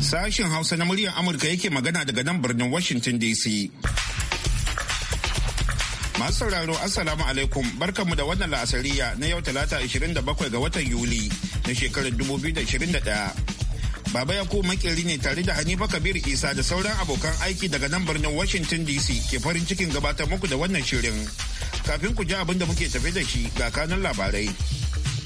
Sashen Hausa na muryar Amurka yake magana daga nan birnin Washington DC. Masu sauraro Assalamu alaikum barkanmu da wannan la'asariya na yau talata 27 ga watan Yuli na shekarar 2021. Baba Yakubu makeri ne tare da Hanifa Kabir Isa da sauran abokan aiki daga nan birnin Washington DC ke farin cikin gabatar muku da wannan shirin. Kafin ku ji abin da muke tafe da shi ga kanun labarai.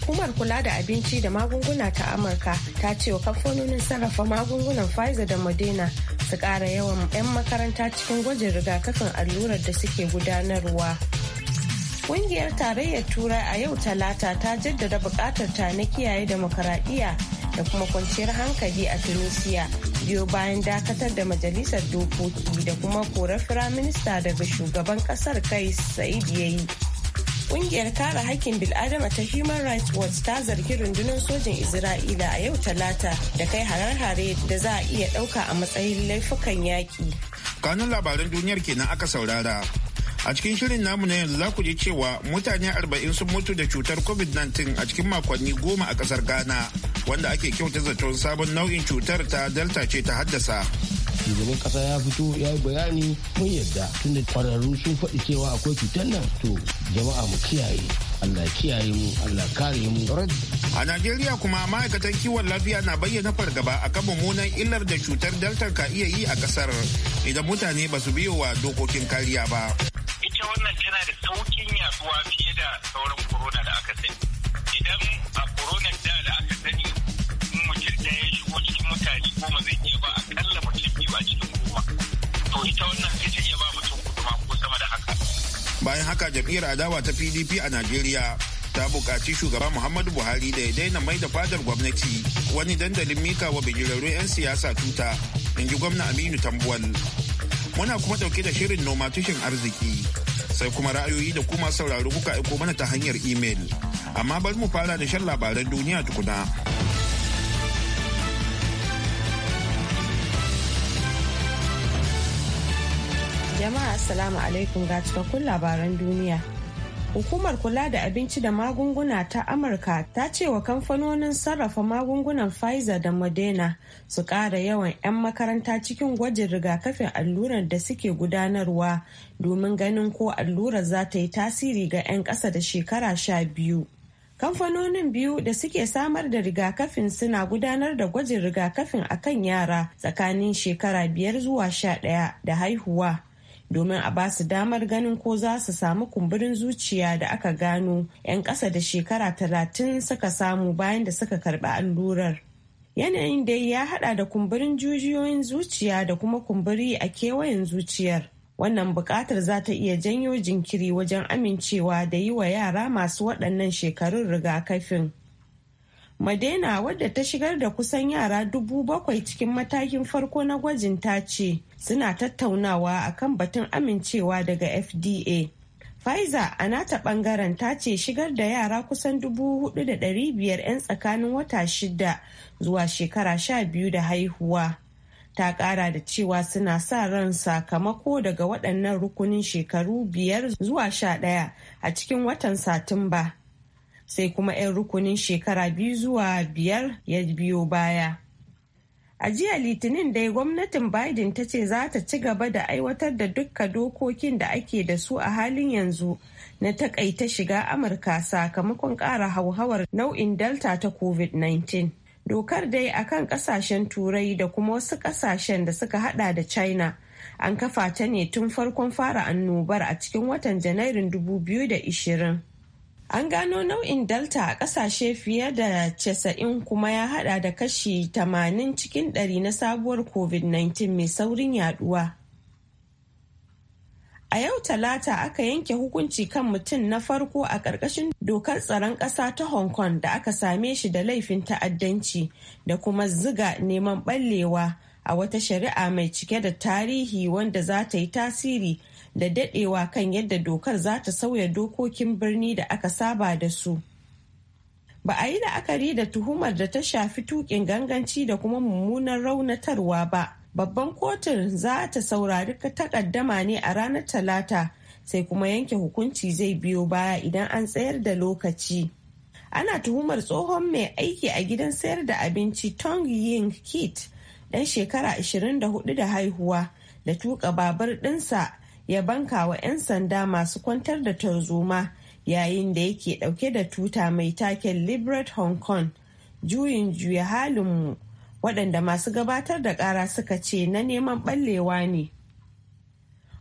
Hukumar kula da abinci da magunguna ta Amurka ta ce wa kamfanonin sarrafa magungunan Pfizer da Moderna su ƙara yawan 'yan makaranta cikin gwajin rigakafin allurar da suke gudanarwa. Kungiyar tarayyar Turai a yau talata ta jaddada buƙatar ta na kiyaye demokaradiyya da kuma kwanciyar hankali a Tunisia biyo bayan dakatar da majalisar dokoki da kuma korar firaminista daga shugaban kasar kai sa'id ya yi kungiyar kare hakkin bil'adama ta Human Rights Watch ta zargi rundunar sojin Isra'ila a yau talata da kai harar-hare da za a iya dauka a matsayin laifukan yaki. Kanun labaran duniyar kenan aka saurara. A cikin shirin namu na yanzu za ku ji cewa mutane arba'in sun mutu da cutar COVID-19 a cikin makonni goma a kasar Ghana. wanda ake kyauta zaton sabon nau'in cutar ta delta ce ta haddasa shugaban kasa ya fito ya yi bayani mun yadda tunda kwararru sun faɗi cewa akwai cutar nan to jama'a mu kiyaye Allah kiyaye mu Allah kare mu a Najeriya kuma ma'aikatan kiwon lafiya na bayyana fargaba a kan mummunan illar da cutar delta ka iya yi a kasar idan mutane ba su biyo wa dokokin kariya ba ita wannan tana da saukin yaduwa fiye da sauran corona da aka sani idan a corona da aka bayan haka jam'iyyar adawa ta pdp a najeriya ta buƙaci shugaba muhammadu buhari da ya daina mai da fadar gwamnati wani dandalin mika wa bijirarrun 'yan siyasa tuta in ji gwamna aminu tambuwal muna kuma ɗauke da shirin noma tushen arziki sai kuma ra'ayoyi da kuma sauraro kuka aiko mana ta hanyar imel amma bari mu fara da shan labaran duniya tukuna. Assalamu alaikum ga cikakkun labaran duniya. Hukumar kula da abinci da magunguna ta Amurka ta ce wa kamfanonin sarrafa magungunan Pfizer da Moderna su ƙara yawan 'yan makaranta cikin gwajin rigakafin allurar da suke gudanarwa domin ganin ko allurar za ta yi tasiri ga 'yan ƙasa da shekara sha biyu. kamfanonin biyu da suke samar da rigakafin suna gudanar da gwajin rigakafin akan yara tsakanin shekara biyar zuwa sha ɗaya da haihuwa domin a ba su damar ganin ko za su samu kumburin zuciya da aka gano 'yan ƙasa da shekara talatin suka samu bayan da suka karɓi allurar. Yanayin dai ya haɗa da kumburin jujiyoyin zuciya da kuma kumburi a kewayen zuciyar. Wannan buƙatar za ta iya janyo jinkiri wajen amincewa da yi wa yara masu waɗannan shekarun rigakafin. Madena wadda ta shigar da kusan yara dubu bakwai cikin matakin farko na gwajin ta ce suna tattaunawa a kan batun amincewa daga FDA. Pfizer a nata bangaren ta ce shigar da yara kusan dubu hudu da dari biyar 'yan tsakanin wata shida zuwa shekara sha biyu da haihuwa. Ta kara da cewa suna sa ran sakamako daga waɗannan rukunin shekaru biyar zuwa sha ɗaya a cikin watan Satumba. sai kuma 'yan rukunin shekara biyu zuwa biyar ya biyo baya. A jiya Litinin dai gwamnatin Biden ta ce za ta ci gaba da aiwatar da dukka dokokin da ake da su a halin yanzu na takaita shiga Amurka sakamakon ƙara hauhawar nau'in Delta ta COVID-19. Dokar dai a kan ƙasashen Turai da kuma wasu ƙasashen da suka hada da China. An kafa ta ne tun farkon fara annobar a cikin watan Janairun 2020. An gano nau'in Delta a ƙasashe fiye da 90 kuma ya hada da kashi 80 cikin 100 na sabuwar COVID-19 mai saurin yaduwa. A yau Talata aka yanke hukunci kan mutum na farko a ƙarƙashin dokar tsaron ƙasa ta Hong Kong da aka same shi da laifin ta'addanci da kuma ziga neman ɓallewa a wata shari'a mai cike da tarihi wanda za ta yi tasiri da dadewa kan yadda dokar za ta sauya dokokin birni da aka saba da su. Ba a yi la'akari da tuhumar da ta shafi tukin ganganci da kuma mummunan raunatarwa ba. Babban kotun za ta saurari takaddama ne a ranar Talata sai kuma yanke hukunci zai biyo baya idan an tsayar da lokaci. Ana tuhumar tsohon mai aiki a gidan sayar da abinci Tong Ying Kit, ɗan shekara 24 da haihuwa, da tuka babur ɗinsa ya banka wa 'yan sanda masu kwantar da tarzoma yayin da yake dauke da tuta mai taken liberate hong kong juyin juya halinmu waɗanda masu gabatar da ƙara suka ce na neman ɓallewa ne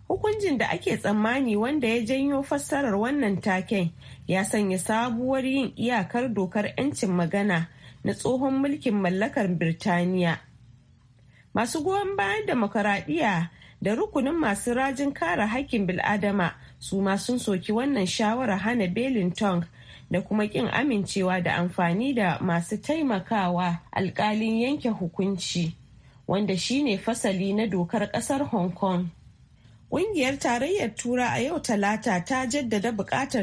hukuncin da ake tsammani wanda ya janyo fassarar wannan taken ya sanya sabuwar yin iyakar dokar 'yancin magana na tsohon mulkin mallakar birtaniya masu goyon bayan demokaradiyya da rukunin masu rajin kare haƙƙin bil'adama su ma sun soki wannan shawara hana belin tong da kuma ƙin amincewa da amfani da masu taimakawa alƙalin yanke hukunci wanda shine fasali na dokar ƙasar hong kong Ƙungiyar Tarayyar Tura a yau Talata ta jaddada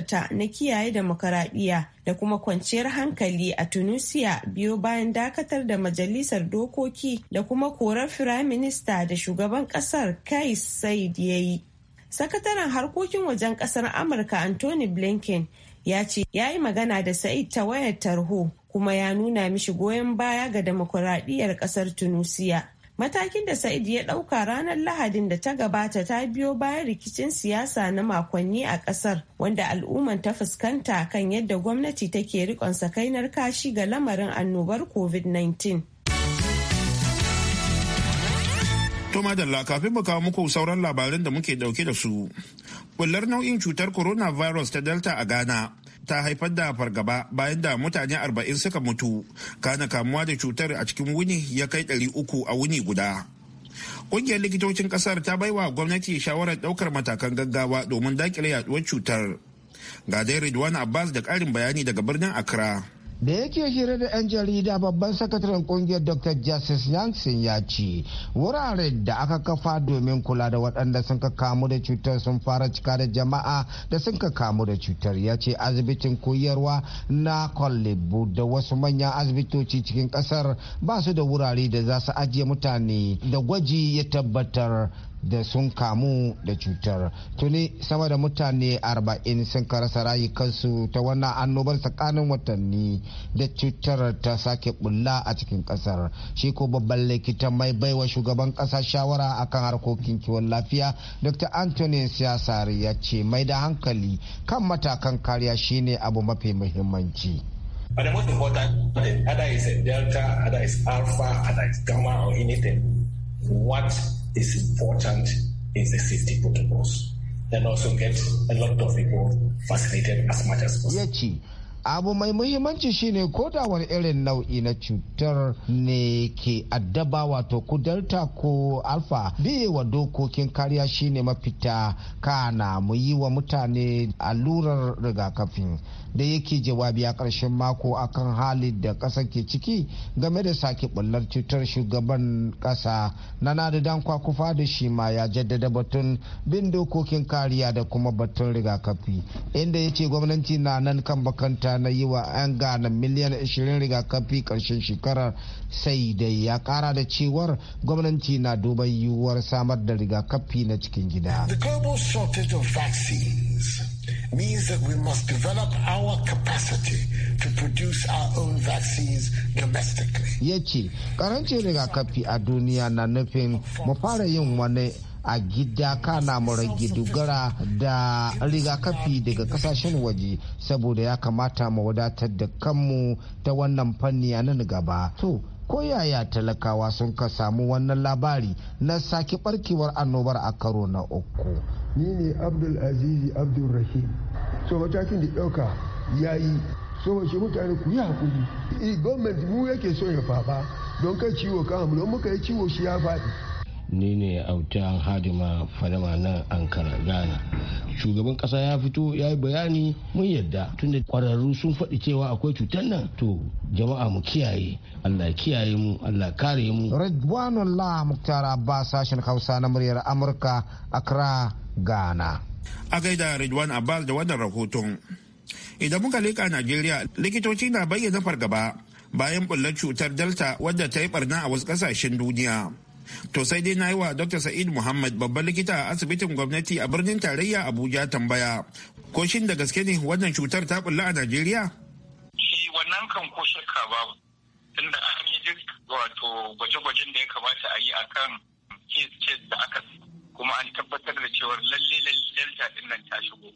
ta na kiyaye demokaradiyya da kuma kwanciyar hankali a Tunisia biyo bayan dakatar da Majalisar Dokoki da kuma korar Firaminista da shugaban ƙasar Kais Said ya yi. Sakataren harkokin wajen ƙasar Amurka Anthony Blinken ya ce ya yi magana da Said ta wayar tarho kuma ya nuna mishi goyon baya ga demokuraɗiyyar ƙasar Tunisia. Matakin da Sa'id ya ɗauka ranar Lahadin da ta gabata ta biyo bayan rikicin siyasa na makonni a ƙasar wanda al'umman ta fuskanta kan yadda gwamnati take rikon sakainar kashi ga lamarin annobar COVID-19. To madalla kafin mu kawo muku sauran labarin da muke dauke da su. Bullar nau'in cutar coronavirus ta Delta a Ghana ta haifar da fargaba bayan da mutane 40 suka mutu kana kamuwa da cutar a cikin wuni ya kai 300 a wuni guda Ƙungiyar likitocin ƙasar ta baiwa gwamnati shawarar ɗaukar matakan gaggawa domin daƙile yaduwar cutar. Ga dai Ridwan Abbas da ƙarin bayani daga birnin Accra. da yake hira da 'yan jarida babban sakataren kungiyar dr justice yansin ya ce wurare da aka kafa domin kula da waɗanda sun ka kamu da cutar sun fara cika da jama'a da sun ka kamu da cutar ya ce asibitin koyarwa na kwallibu da wasu manyan asibitoci cikin ƙasar ba su da wurare da za su ajiye mutane da gwaji ya tabbatar da sun kamu da cutar tuni sama da mutane 40 sun karasa rayukansu ta wannan annobar tsakanin watanni da cutar ta sake bulla a cikin kasar shi ko babban likitan mai baiwa shugaban kasa shawara akan harkokin kiwon lafiya dr anthony siyasar ya ce mai da hankali kan matakan kariya shine abu mafi muhimmanci. But the most important thing, either is a delta, either is alpha, either is gamma or anything, what is important is the safety protocols. Then also get a lot of people vaccinated as much as possible. abu mai muhimmanci shine ko da wani irin nau'i na cutar ne ke addaba wato ku delta ko alfa wa dokokin kariya shine mafita kana mu yi wa mutane allurar rigakafin da yake jawabi a ƙarshen mako akan hali da ƙasa ke ciki game da sake bullar cutar shugaban ƙasa na nadadan kwakufa da shi ma ya jaddada batun bin dokokin kariya da kuma batun rigakafi inda ya ce gwamnati na nan kan bakanta na yi wa 'yan gana miliyan 20 rigakafi ƙarshen shekarar sai dai ya kara da cewar gwamnati na duban yiwuwar samar da rigakafi na cikin gida. The global shortage of vaccines means that we must develop our capacity to produce our own vaccines domestically. Ya ce, ƙarancin rigakafi a duniya na nufin mu fara yin wani a gida kana mu rage dogara da rigakafi daga kasashen waje saboda ya kamata mu wadatar da kanmu ta wannan fanni a nan gaba. To, ko yaya talakawa sun ka samu wannan labari na sake barkewar annobar a karo na uku. ni ne abdul azizi abdul rahim so matakin da ɗauka ya yi so shi mutane ku yi hakuri eh, gwamnati mu yake so ya faɓa don kai ciwo kan don muka yi ciwo shi ya faɗi ni ne autan hadima fadama nan ankara ghana shugaban kasa ya fito ya yi bayani mun yadda tunda kwararru sun faɗi cewa akwai cutar nan to jama'a mu kiyaye allah kiyaye mu allah kare mu ridwanullah muktar abbas sashen hausa na muryar amurka accra ghana a gaida ridwan abbas da wannan rahoton idan muka leƙa najeriya likitoci na bayyana fargaba bayan bullar cutar delta wadda ta yi barna a wasu ƙasashen duniya To sai dai na yi wa Dr. Sa'id Muhammad babban likita a asibitin gwamnati a birnin tarayya Abuja tambaya. Ko shin da gaske ne wannan cutar ta kulla a Najeriya? Shi wannan kan ko shakka an yi duk wato gwaje-gwajen da ya kamata a yi akan kis da aka kuma an tabbatar da cewar lalle lalle delta din nan ta shigo.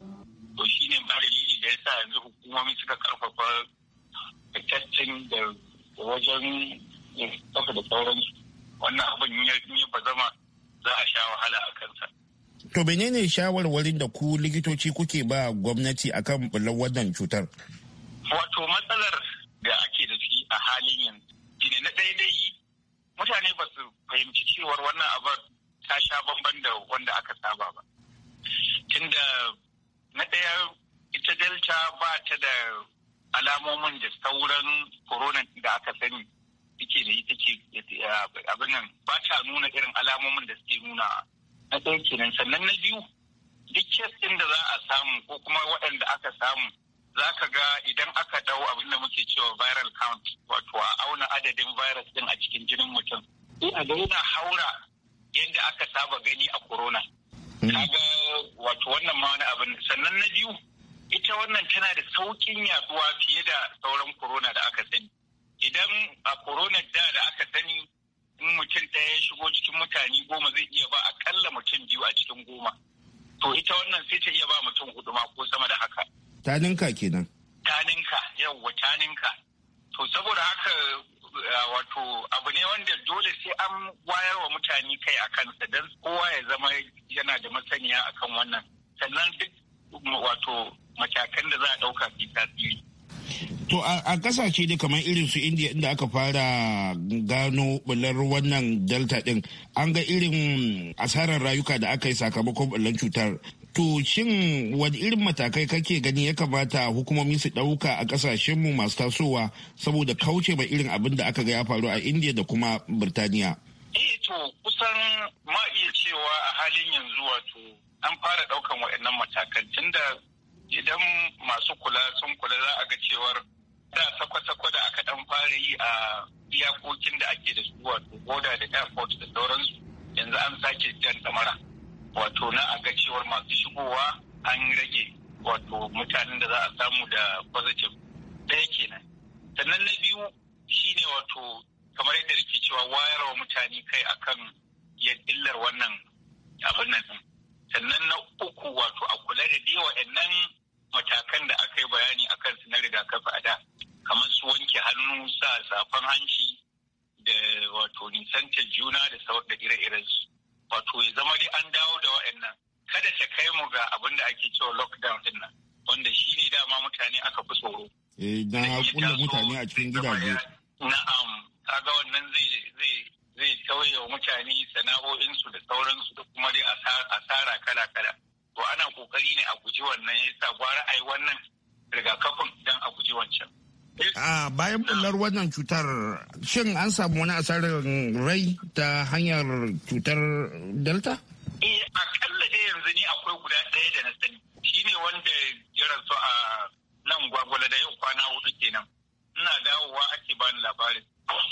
To shi ne ma dalili da ya sa yanzu hukumomi suka karfafa testing da wajen da sauransu. wannan abin ya ba zama za a sha wahala a kansa. To menene shawarwarin da ku likitoci kuke ba gwamnati akan bullar wannan cutar? Wato matsalar da ake da shi a halin yanzu shine na daidai mutane ba su fahimci cewar wannan abin ta sha bamban da wanda aka saba ba. Tunda na ɗaya ita delta ba ta da alamomin da sauran corona da aka sani take da ita ce eh, abin nan ba ta nuna irin alamomin da suke nuna na ɗaya kenan sannan na biyu duk kes ɗin da za a samu ko kuma waɗanda aka samu za ka ga idan aka dau abin da muke cewa viral count wato a auna adadin virus ɗin a cikin jinin mutum ina ga yana haura yadda aka saba gani a corona hmm. kaga wato wannan ma wani abin sannan na biyu ita wannan tana da saukin yaduwa fiye da sauran corona da aka sani idan a korona da da aka sani in mutum ɗaya ya shigo cikin mutane goma zai iya ba akalla mutum biyu a cikin goma to ita wannan sai ta iya ba mutum hudu ma ko sama da haka taninka kenan taninka yawwa taninka to saboda haka wato abu ne wanda dole sai an wayar wa mutane kai a kansa don kowa ya zama yana da masaniya akan wannan sannan duk wato matakan da za a ɗauka fi tasiri To a kasashe da kamar irin su India inda aka fara gano bular wannan delta din an ga irin asarar rayuka da aka yi sakamakon bular cutar. To shin wani irin matakai kake gani ya kamata hukumomi su ɗauka a ƙasashenmu masu tasowa saboda kauce ma irin abin da aka ga ya faru a India da kuma Birtaniya? Eh to kusan ma cewa a halin yanzu wato an fara ɗaukan waɗannan matakan tunda idan masu kula sun kula za a ga cewar da sakwa-sakwa da aka dan fara yi a iyakokin da ake da su wato boda da airport da sauransu yanzu an sake jan damara wato na a ga cewar masu shigowa an rage wato mutanen da za a samu da positive ɗaya kenan sannan na biyu shine wato kamar yadda rike cewa wa mutane kai akan ya illar wannan abin nan sannan na uku wato a kula da dai wa'annan matakan da aka yi bayani a kansu na rigakafi a da kamar su wanke hannu sa safan hanci da wato nisantar juna da sauran da ire-iren su wato ya zama dai an dawo da wa'annan kada ta kai mu ga abin da ake cewa lockdown din nan wanda shi ne dama mutane aka fi tsoro. Eh, hakun da mutane a cikin gidaje. Na'am, kaga wannan zai zai zai tauye wa mutane sana'o'insu da sauransu da kuma dai asara kala-kala. ana kokari ne a guji wannan yasa gwara yi wannan rigakafin idan a guji wancan a bayan bullar wannan cutar shin an samu wani asarar rai ta hanyar cutar delta eh kalla dai yanzu ni akwai guda ɗaya da na sani Shi ne wanda ya rasu a nan gwagwala da yau kwana hudu kenan ina dawowa ake bani labarin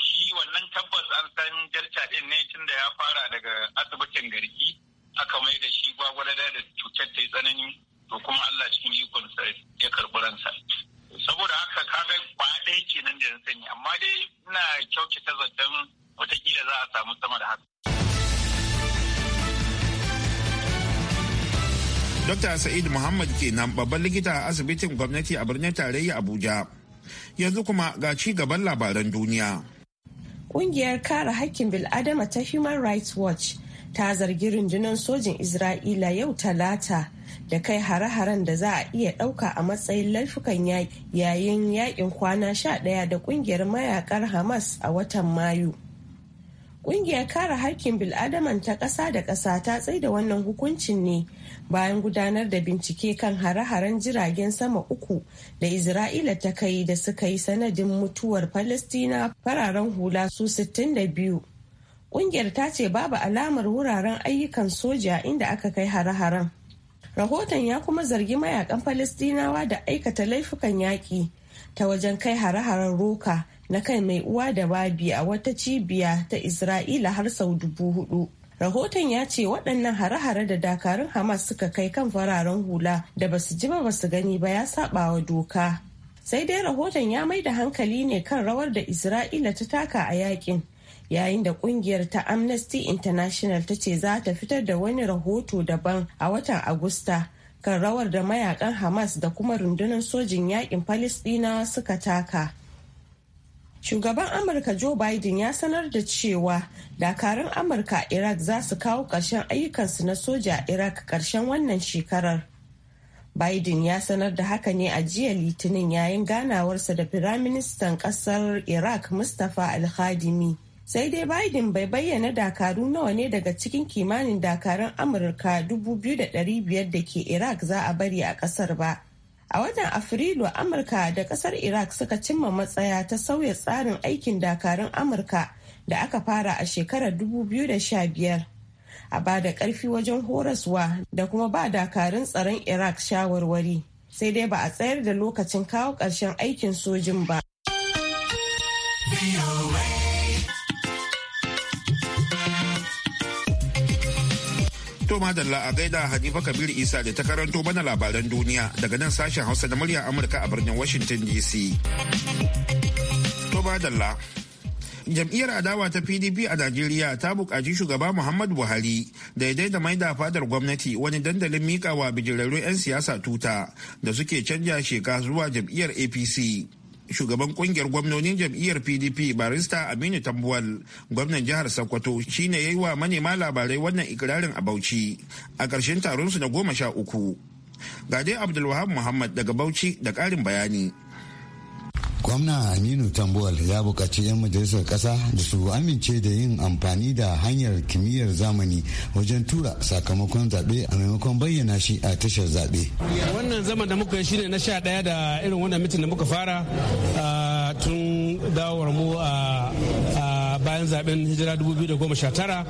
shi wannan tabbas an san delta din ne tun da ya fara daga asibitin garki aka mai da shi gwagwarada da cutar ta yi tsanani to kuma Allah cikin ikonsa ya karɓi ransa. Saboda haka kaga ba ɗaya nan da sani amma dai ina ta zaton watakila za a samu sama da haka. Dokta Sa'id Muhammad kenan babban likita a asibitin gwamnati a birnin tarayya Abuja. Yanzu kuma ga ci gaban labaran duniya. Kungiyar kare hakkin bil'adama ta Human Rights Watch ta zargi rundunar sojin Isra'ila yau talata da kai hare-haren da za a iya ɗauka a matsayin laifukan yayin yakin kwana sha ɗaya da ƙungiyar mayakar Hamas a watan Mayu. Ƙungiyar kare haƙƙin bil'adaman ta ƙasa da ƙasa ta tsaida wannan hukuncin ne bayan gudanar da bincike kan hare-haren jiragen sama uku da Isra'ila ta kai da suka yi sanadin mutuwar Falastina fararen hula su 62. Ƙungiyar ta ce babu alamar wuraren ayyukan soja inda aka kai hare-haren. Rahoton ya kuma zargi mayakan Falistinawa da aikata laifukan yaƙi ta wajen kai hare-haren roka na kai mai uwa da babi a wata cibiya ta Isra'ila har sau dubu hudu. rahoton ya ce waɗannan hare-hare da dakarun hamas suka kai kan fararen hula da ba su ji ba ba su gani ba ya saba wa doka sai dai rahoton ya mai da hankali ne kan rawar da isra'ila ta taka a yakin yayin da kungiyar ta amnesty international ta ce za ta fitar da wani rahoto daban a watan agusta kan rawar da mayakan hamas da kuma rundunar sojin yakin palestina suka taka shugaban amurka joe biden ya sanar da cewa dakarun amurka a iraq za su kawo ƙarshen ayyukansu na soja a iraq ƙarshen wannan shekarar biden ya sanar da haka ne a jiya litinin yayin ganawarsa da firaministan ƙasar iraq mustapha al-khadimi sai dai biden bai bayyana dakaru nawa ne daga cikin kimanin dakarun amurka 2,500 da ke iraq za a bari a kasar ba a watan afrilu amurka da kasar iraq suka cimma matsaya ta sauya tsarin aikin dakarun amurka da aka fara a shekarar 2015 a ba da karfi wajen horaswa da kuma ba dakarun tsaron iraq shawarwari sai dai ba a tsayar da lokacin kawo ƙarshen aikin sojin ba To madalla a gaida Hanifa Kabiru Isa da ta karanto mana labaran duniya daga nan sashen Hausa na murya Amurka a birnin Washington DC. To madalla. Jam'iyyar adawa ta PDP a Najeriya ta buƙaci shugaba Muhammadu Buhari da ya daida maida fadar gwamnati wani dandalin mikawa bijirarru 'yan siyasa tuta da suke canja sheka zuwa jam'iyyar APC. shugaban kungiyar gwamnonin jam'iyyar pdp barista aminu tambuwal gwamnan jihar sokoto shine ya yi wa manema labarai wannan ikirarin a bauchi a ƙarshen taron su na goma sha uku gade abdulwahab muhammad daga bauchi da ƙarin bayani gwamna aminu tambuwal ya bukaci 'yan majalisar ƙasa da su amince da yin amfani da hanyar kimiyyar zamani wajen tura sakamakon zaɓe a maimakon bayyana shi a tashar zaɓe wannan zaman da muka yi shine na sha ɗaya da irin wannan mitin da muka fara ah, tun dawowar mu a bayan zaben hijira 2019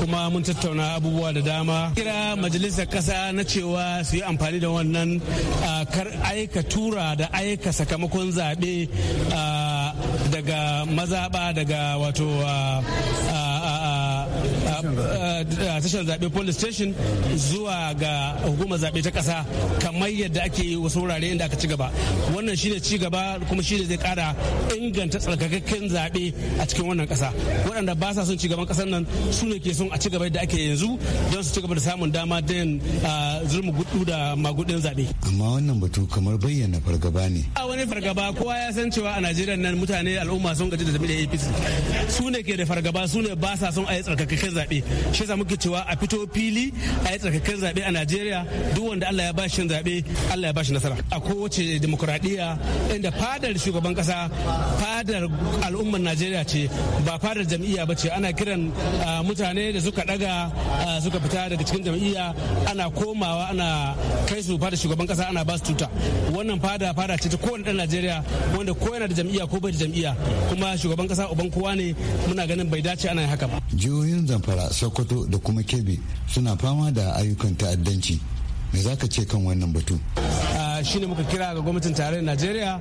kuma mun tattauna abubuwa da dama kira majalisar kasa na cewa su yi amfani da wannan kar aika tura da aika sakamakon zaɓe daga mazaɓa daga wato tashar zaɓe police station zuwa ga hukumar zaɓe ta ƙasa kamar yadda ake yi wasu wurare inda aka ci gaba wannan shine ci gaba kuma shine zai ƙara inganta tsarkakakken zaɓe a cikin wannan ƙasa waɗanda ba sa son ci gaban ƙasar nan su ne ke son a ci gaba yadda ake yanzu don su ci gaba da samun dama da yin zurmi gudu da magudin zaɓe. amma wannan batu kamar bayyana fargaba ne. a wani fargaba kowa ya san cewa a najeriya nan mutane al'umma sun gaji da zaɓe da apc su ne ke da fargaba su ne ba sa son a yi tsarkakakken zaɓe zaɓe shi yasa muke cewa a fito fili a yi tsarkakan zaɓe a najeriya duk wanda allah ya bashi zaɓe allah ya bashi nasara a kowace demokuraɗiyya inda fadar shugaban kasa fadar al'ummar najeriya ce ba fadar jam'iyya ba ce ana kiran mutane da suka daga suka fita daga cikin jam'iyya ana komawa ana kai su fadar shugaban ƙasa ana ba su tuta wannan fada fada ce ta kowane ɗan najeriya wanda ko yana da jam'iyya ko bai da jam'iyya kuma shugaban kasa uban kowa ne muna ganin bai dace ana haka ba jihohin zamfara zamfara sokoto da kuma kebbi suna fama da ayyukan ta'addanci me za ka ce kan wannan batu shine muka kira ga gwamnatin tarayyar najeriya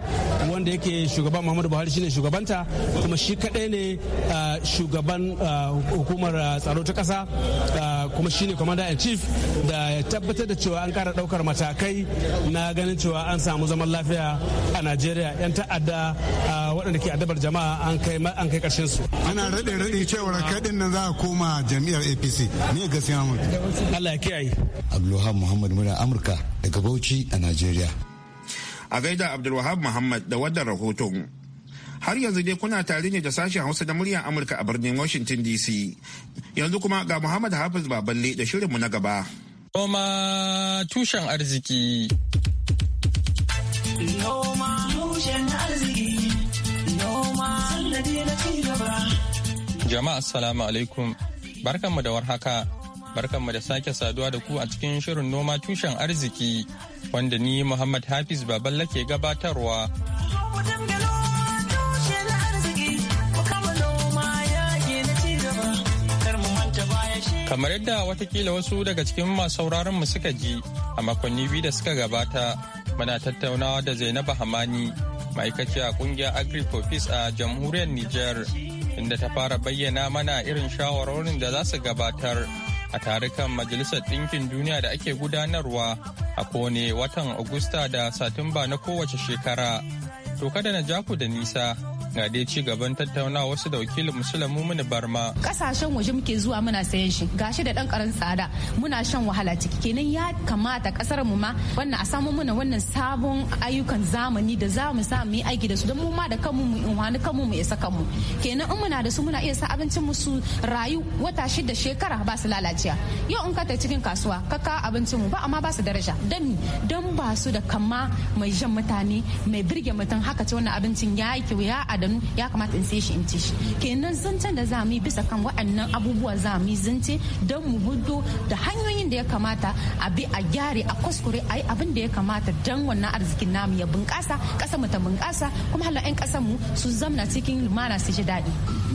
wanda yake shugaban muhammadu buhari shine shugabanta kuma shi kadai ne uh, shugaban uh, hukumar uh, tsaro ta kasa kuma shine commander in chief da ya tabbatar da cewa an kara daukar matakai na ganin cewa an samu zaman lafiya a najeriya yan ta'adda waɗanda ke addabar jama'a an kai karshen su ana raɗe raɗe cewar kaɗin nan za a koma jami'ar apc ne gaskiya mutu allah ya kiyaye abdulhamid muhammad muna amurka daga Bauchi a Najeriya. A gaida Abdulwahab Muhammad da wannan rahoton. Har yanzu dai kuna tare ne da sashen Hausa da muryar Amurka a birnin Washington DC. Yanzu kuma ga Muhammad Hafiz Baballe da shirinmu na gaba. Noma tushen arziki. Noma tushen arziki. Noma sannadi na ci gaba. Jama'a assalamu alaikum. Barkanmu da warhaka. mu da sake saduwa da ku a cikin shirin noma tushen arziki wanda ni Muhammad Hafiz Baballa ke gabatarwa. Kamar yadda watakila wasu daga cikin masu sauraron mu suka ji a makonni biyu da suka gabata muna tattaunawa da Zainabu Hamani ma'aikaciya kungiyar Agri-Profis a jamhuriyar Nijar. inda ta fara bayyana mana irin shawarorin da za su gabatar a tarukan Majalisar Ɗinkin Duniya da ake gudanarwa a kone watan Agusta da Satumba na kowace shekara. To kada na ja ku da nisa ga dai ci gaban tattaunawa wasu da wakilin musulmi mun barma kasashen waje muke zuwa muna sayan shi gashi da dan karan tsada muna shan wahala ciki kenan ya kamata kasar mu ma wannan a samu muna wannan sabon ayyukan zamani da za mu samu yi aiki da su don mu ma da kanmu mu in wani kanmu mu isa kanmu kenan in muna da su muna iya sa abincin mu su rayu wata shida shekara ba su lalaciya yau in ka ta cikin kasuwa ka ka abincin mu ba amma ba su daraja dan dan ba su da kama mai jan mutane mai birge mutum haka ce wannan abincin ya yi ya adanu ya kamata in sai shi in ci shi kenan zancen da za mu yi bisa kan waɗannan abubuwa za mu yi zance don mu hudu da hanyoyin da ya kamata a bi a gyare a kuskure a yi abin da ya kamata don wannan arzikin namu ya bunƙasa ƙasa mu ta bunƙasa kuma hala 'yan ƙasar mu su zamna cikin lumana su ji daɗi.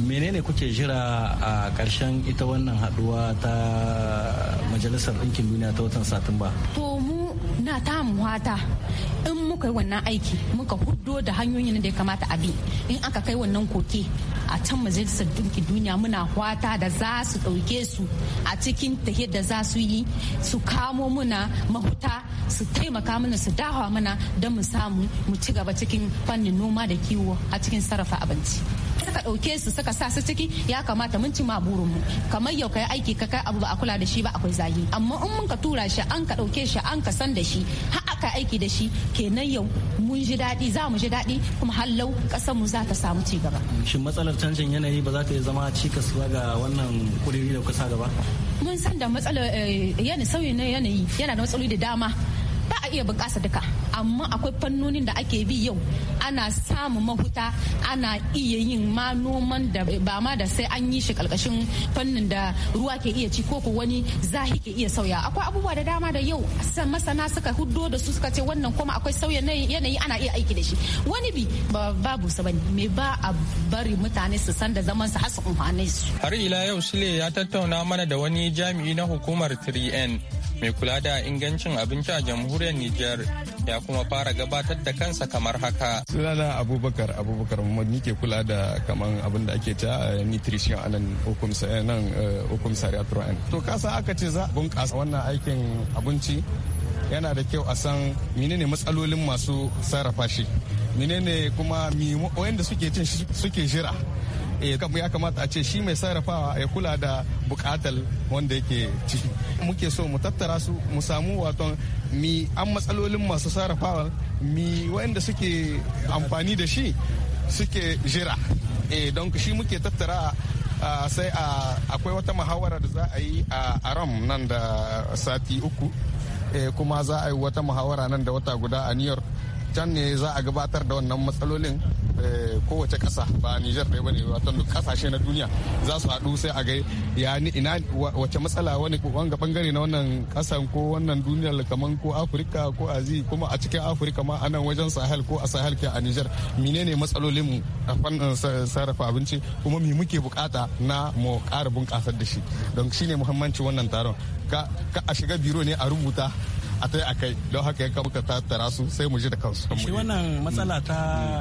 menene kuke jira a ƙarshen ita wannan haɗuwa ta majalisar ɗinkin duniya ta watan satumba. to ina ta muhata in muka yi wannan aiki muka hudo da hanyoyin da ya kamata a bi in aka kai wannan koke a can majalisar dinki duniya muna hwata da za su ɗauke su a cikin tahe da za su yi su kamo muna mahuta su taimaka mana su dawa mana don mu samu mu ci gaba cikin fannin noma da kiwo a cikin sarrafa abinci. suka ɗauke su suka sa su ciki ya kamata mun ci ma burin mu kamar yau kai aiki ka kai abu ba a kula da shi ba akwai zagi amma in mun ka tura shi an ka ɗauke shi an ka san da shi har aka aiki da shi kenan yau mun ji daɗi za mu ji daɗi kuma hallau ƙasar mu za ta samu ci gaba. Shin matsalar canjin yanayi ba za ta zama cikas ba ga wannan kuriri da kusa gaba? Mun san da matsalar eh, yana sauyi na yanayi yana da matsaloli da dama ba a iya bunkasa duka. amma akwai fannonin da ake bi yau ana samun mahuta ana iya yin ma noman da ba ma da sai an yi shi kalkashin fannin da ruwa ke iya ci ko ko wani zahi ke iya sauya akwai abubuwa da dama da yau masana suka huddo da su suka ce wannan kuma akwai sauya yanayi ana iya aiki da shi wani bi babu sa bane me ba a bari mutane su san da zaman su har su su har ila yau sule ya tattauna mana da wani jami'i na hukumar 3N mai kula da ingancin abinci a jamhuriyar Nijar ya kuma fara gabatar da kansa kamar haka. Sunana Abubakar Abubakar Muhammad ni ke kula da kaman abin da ake ta eh, nutrition a nan hukumsa eh, nan eh, hukumsa To kasa aka ce za bunƙasa wannan aikin abinci yana da kyau a san menene matsalolin masu sarrafa shi menene kuma wayanda suke cin suke jira Eh, ya kamata a ce shi mai sarrafawa ya kula da bukatar wanda yake ciki muke so mu tattara su mu samu waton mi an matsalolin masu sarrafawa mi wanda suke amfani da shi suke jira eh, don shi muke tattara sai akwai wata muhawara da za a yi a aram nan da sati uku eh, kuma za a yi wata muhawara nan da wata guda a new york can ne za a gabatar da wannan matsalolin Eh, kowace ƙasa ba Nijar ne bane wato kasashe na duniya za su haɗu sai a ga ya ni ina wace matsala wani wanga bangare na wannan ƙasan ko wannan duniyar kaman ko Afirka ko Azi kuma a cikin Afirka ma anan wajen Sahel ko a Sahel ke a Nijar menene matsalolin mu a fannin sarrafa abinci kuma me muke bukata na mu ƙara bunƙasar da shi don shine muhimmanci wannan taron ka a shiga biro ne a rubuta a a kai don haka ya ta tattara su sai mu ji da kansu. Shi wannan matsala ta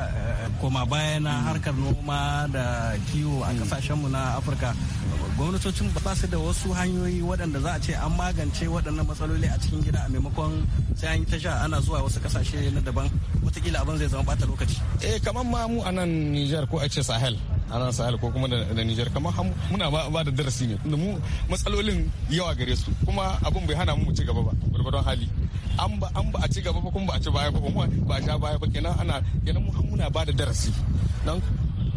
eh, koma baya na harkar noma da kiwo a kasashen mu na Afirka gwamnatocin ba su da wasu hanyoyi waɗanda za a ce an magance waɗannan matsaloli a cikin gida a maimakon sai an yi tasha ana zuwa wasu kasashe na daban watakila abin zai zama bata lokaci. Eh kamar ma mu a nan Nijar ko a ce Sahel ana sahel ko kuma da niger kamar muna ba da darasi ne mu matsalolin yawa gare su kuma abin bai hana mu ci gaba ba gwargwadon hali an ba an ba a ci gaba ba kuma ba a ci baya ba kuma ba a sha baya ba kenan ana kenan mu muna ba da darasi don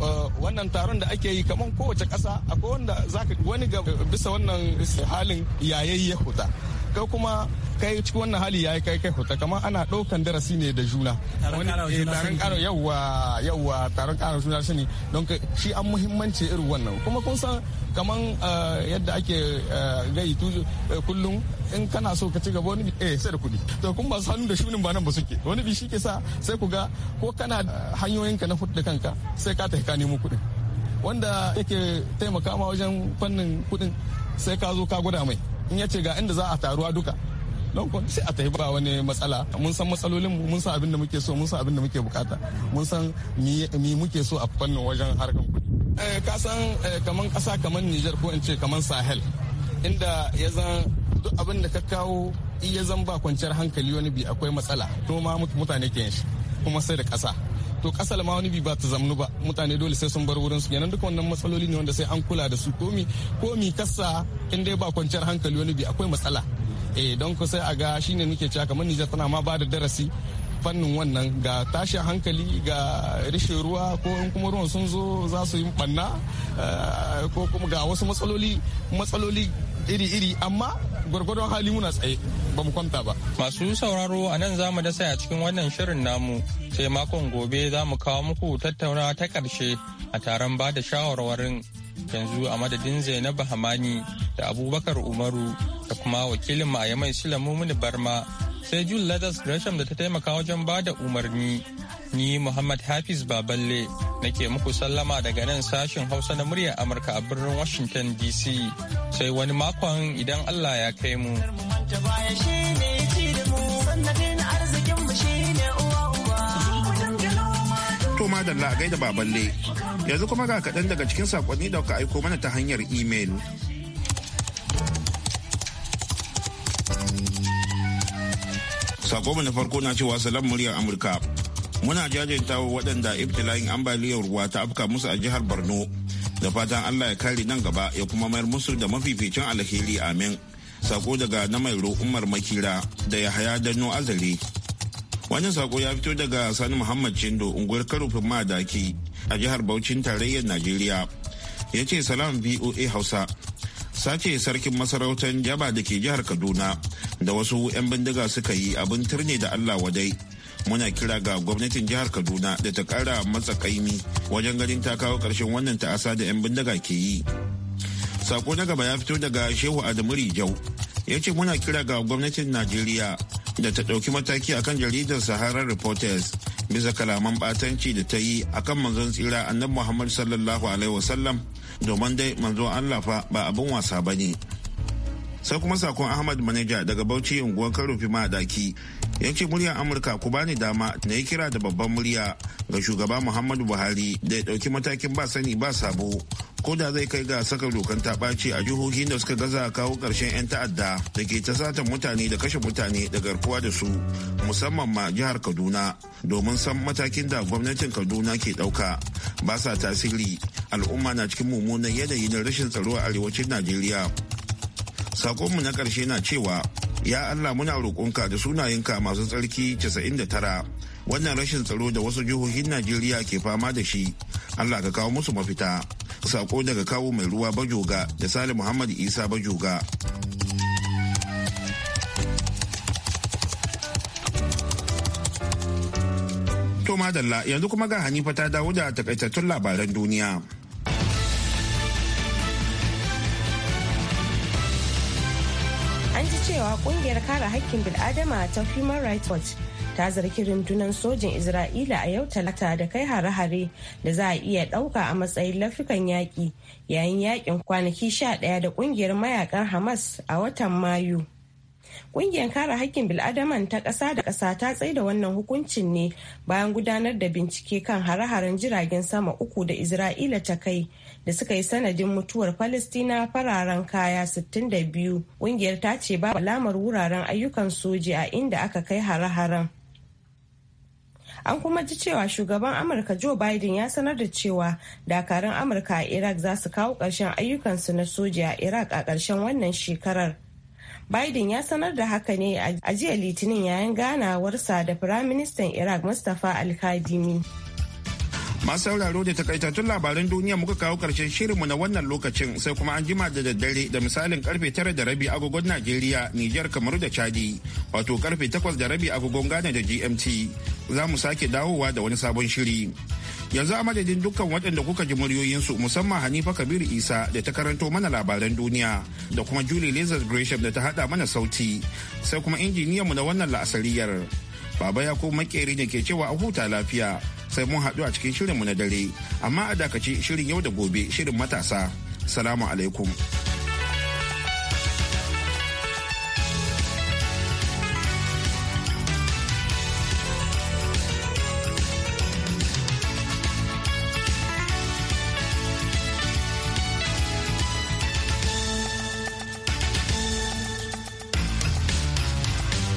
uh, wannan taron da ake yi kamar kowace ƙasa akwai wanda zaka wani bisa wannan halin yayayi ya huta ga kuma kai cikin wannan hali ya yi kai kai huta kamar ana ɗaukan darasi ne da juna taron ƙara yawa yawa eh, taron ƙara juna shi don shi an muhimmanci irin wannan kuma kun san kamar eh, yadda ake eh, gai kullum in kana so ka ci gaba wani eh sai da kuɗi to kun ba su hannu da shunin ba nan ba suke wani bi shi ke sa sai ku ga ko kana hanyoyinka na hudu kanka sai ka tafi ka nemo kuɗin wanda yake taimaka ma wajen fannin kuɗin sai ka zo ka gwada mai in ya ce ga inda za a taruwa duka don kuwa sai a tafi ba wani matsala mun san matsalolin mu mun san abin da muke so mun san abin da muke bukata mun san mi muke so a fannin wajen harkan kuɗi eh, ka san eh, kaman kasa kaman Niger ko in ce kaman Sahel inda ya zan duk abin da ka kawo iya zan ba kwanciyar hankali wani bi akwai matsala noma mutane ke yin shi kuma sai da kasa. to kasal ma wani bi ba ta zamnu ba mutane dole sai sun bar wurin su kenan duka wannan matsaloli ne wanda sai an kula da su komi komi kasa in dai ba kwanciyar hankali wani bi akwai matsala eh don ku sai a ga shine nake cewa kamar Niger tana ma ba da darasi fannin wannan ga tashin hankali ga rishin ruwa ko in kuma ruwan sun zo za su yi banna eh, ko kuma ga wasu matsaloli matsaloli iri-iri amma gwargwadon hali muna tsaye ba mu kwanta ba Masu sauraro a nan za mu dasa a cikin wannan shirin namu sai makon gobe za mu kawo muku tattauna ta ƙarshe a taron ba da shawarwarin yanzu a madadin Zainabu Hamani da Abubakar Umaru da kuma wakilin mu a Yamai Barma sai Jun Ladas Gresham da ta taimaka wajen ba da umarni. Ni Muhammad Hafiz Baballe nake muku sallama daga nan sashen Hausa na muryar Amurka a birnin Washington DC sai wani makon idan Allah ya kai mu. To da lagai da baballe. Yanzu kuma ga kaɗan daga cikin sakonni da kuka aiko mana ta hanyar imel. Sako na farko na cewa salam muryar Amurka. Muna jajanta wa waɗanda ibtila'in ambaliyar ruwa ta afka musu a jihar Borno. Da fatan Allah ya kare nan gaba ya kuma mayar musu da mafificin alheri amin. Sako daga na mai Umar Makira da ya haya Dano Azali. Wannan sako ya fito daga Sani Muhammad Chindo unguwar karufin madaki a jihar Bauchin tarayyar Najeriya. Ya ce salam VOA Hausa. Sace sarkin masarautar Jaba da ke jihar Kaduna da wasu 'yan bindiga suka yi abin turne da Allah wadai. Muna kira ga gwamnatin jihar Kaduna da ta kara matsakaimi wajen ganin ta kawo karshen wannan ta'asa da 'yan bindiga ke yi. Sako na gaba ya fito daga Shehu Adamu Rijau ya ce muna kira ga gwamnatin najeriya da ta ɗauki mataki akan jaridar sahara reporters bisa kalaman batanci da ta yi akan manzon tsira annabi muhammad sallallahu alaihi wasallam domin dai manzon allah fa ba abin wasa ba ne sai kuma sakon ahmad manaja daga bauchi unguwar a daki ya ce muryar amurka ku bani dama na yi kira da babban murya ga shugaba muhammadu buhari da ya ɗauki matakin ba sani ba sabo ko da zai kai ga saka dokan taɓaci a jihohin da suka gaza kawo ƙarshen 'yan ta'adda da ke ta satan mutane da kashe mutane da garkuwa da su musamman ma jihar kaduna domin san matakin da gwamnatin kaduna ke ɗauka ba sa tasiri al'umma na cikin mummunan yanayi na rashin tsaro a arewacin najeriya sakonmu na ƙarshe na cewa ya allah muna roƙonka da sunayenka masu tsarki 99 wannan rashin tsaro da wasu jihohin najeriya ke fama da shi allah ka kawo musu mafita sako daga kawo mai ruwa bajoga da sale muhammad isa bajoga to madalla yanzu kuma ga hanifa ta dawo da takaitattun labaran duniya an ji cewa kungiyar kare haƙƙin bil'adama ta human rights watch ta zargi rundunar sojin Isra'ila a yau talata da kai hare-hare da za a iya ɗauka a matsayin lafikan yaƙi yayin yaƙin kwanaki sha ɗaya da ƙungiyar mayakan Hamas a watan Mayu. Ƙungiyar kare haƙƙin bil'adaman ta ƙasa da ƙasa ta tsaida wannan hukuncin ne bayan gudanar da bincike kan hare-haren jiragen sama uku da Isra'ila ta kai da suka yi sanadin mutuwar palestina fararen kaya 62. Ƙungiyar ta ce ba alamar wuraren ayyukan soji a inda aka kai hare-haren. An kuma ji cewa shugaban Amurka Joe Biden ya sanar da cewa dakarun Amurka a Iraq za su kawo ƙarshen ayyukansu na soja a Iraq a ƙarshen wannan shekarar. Biden ya sanar da haka ne a jiya Litinin yayin ganawarsa da Firaministan Iraq Mustapha Al-Kadimi. Masu sauraro da takaitattun labaran duniya muka kawo karshen shirinmu na wannan lokacin sai kuma an jima da daddare da misalin karfe tara da rabi agogon Najeriya, Nijar, kamar da Chadi, wato karfe takwas da rabi agogon Ghana da GMT. Za mu sake dawowa da wani sabon shiri. Yanzu a madadin dukkan waɗanda kuka ji muryoyinsu musamman Hanifa Kabiru Isa da ta karanto mana labaran duniya da kuma Julie lizard Gresham da ta haɗa mana sauti sai kuma injiniyanmu na wannan la'asariyar. Baba ya ko makeri da ke cewa a huta lafiya. sai mun haɗu a cikin shirinmu na dare amma a dakaci shirin yau da gobe shirin matasa salamu alaikum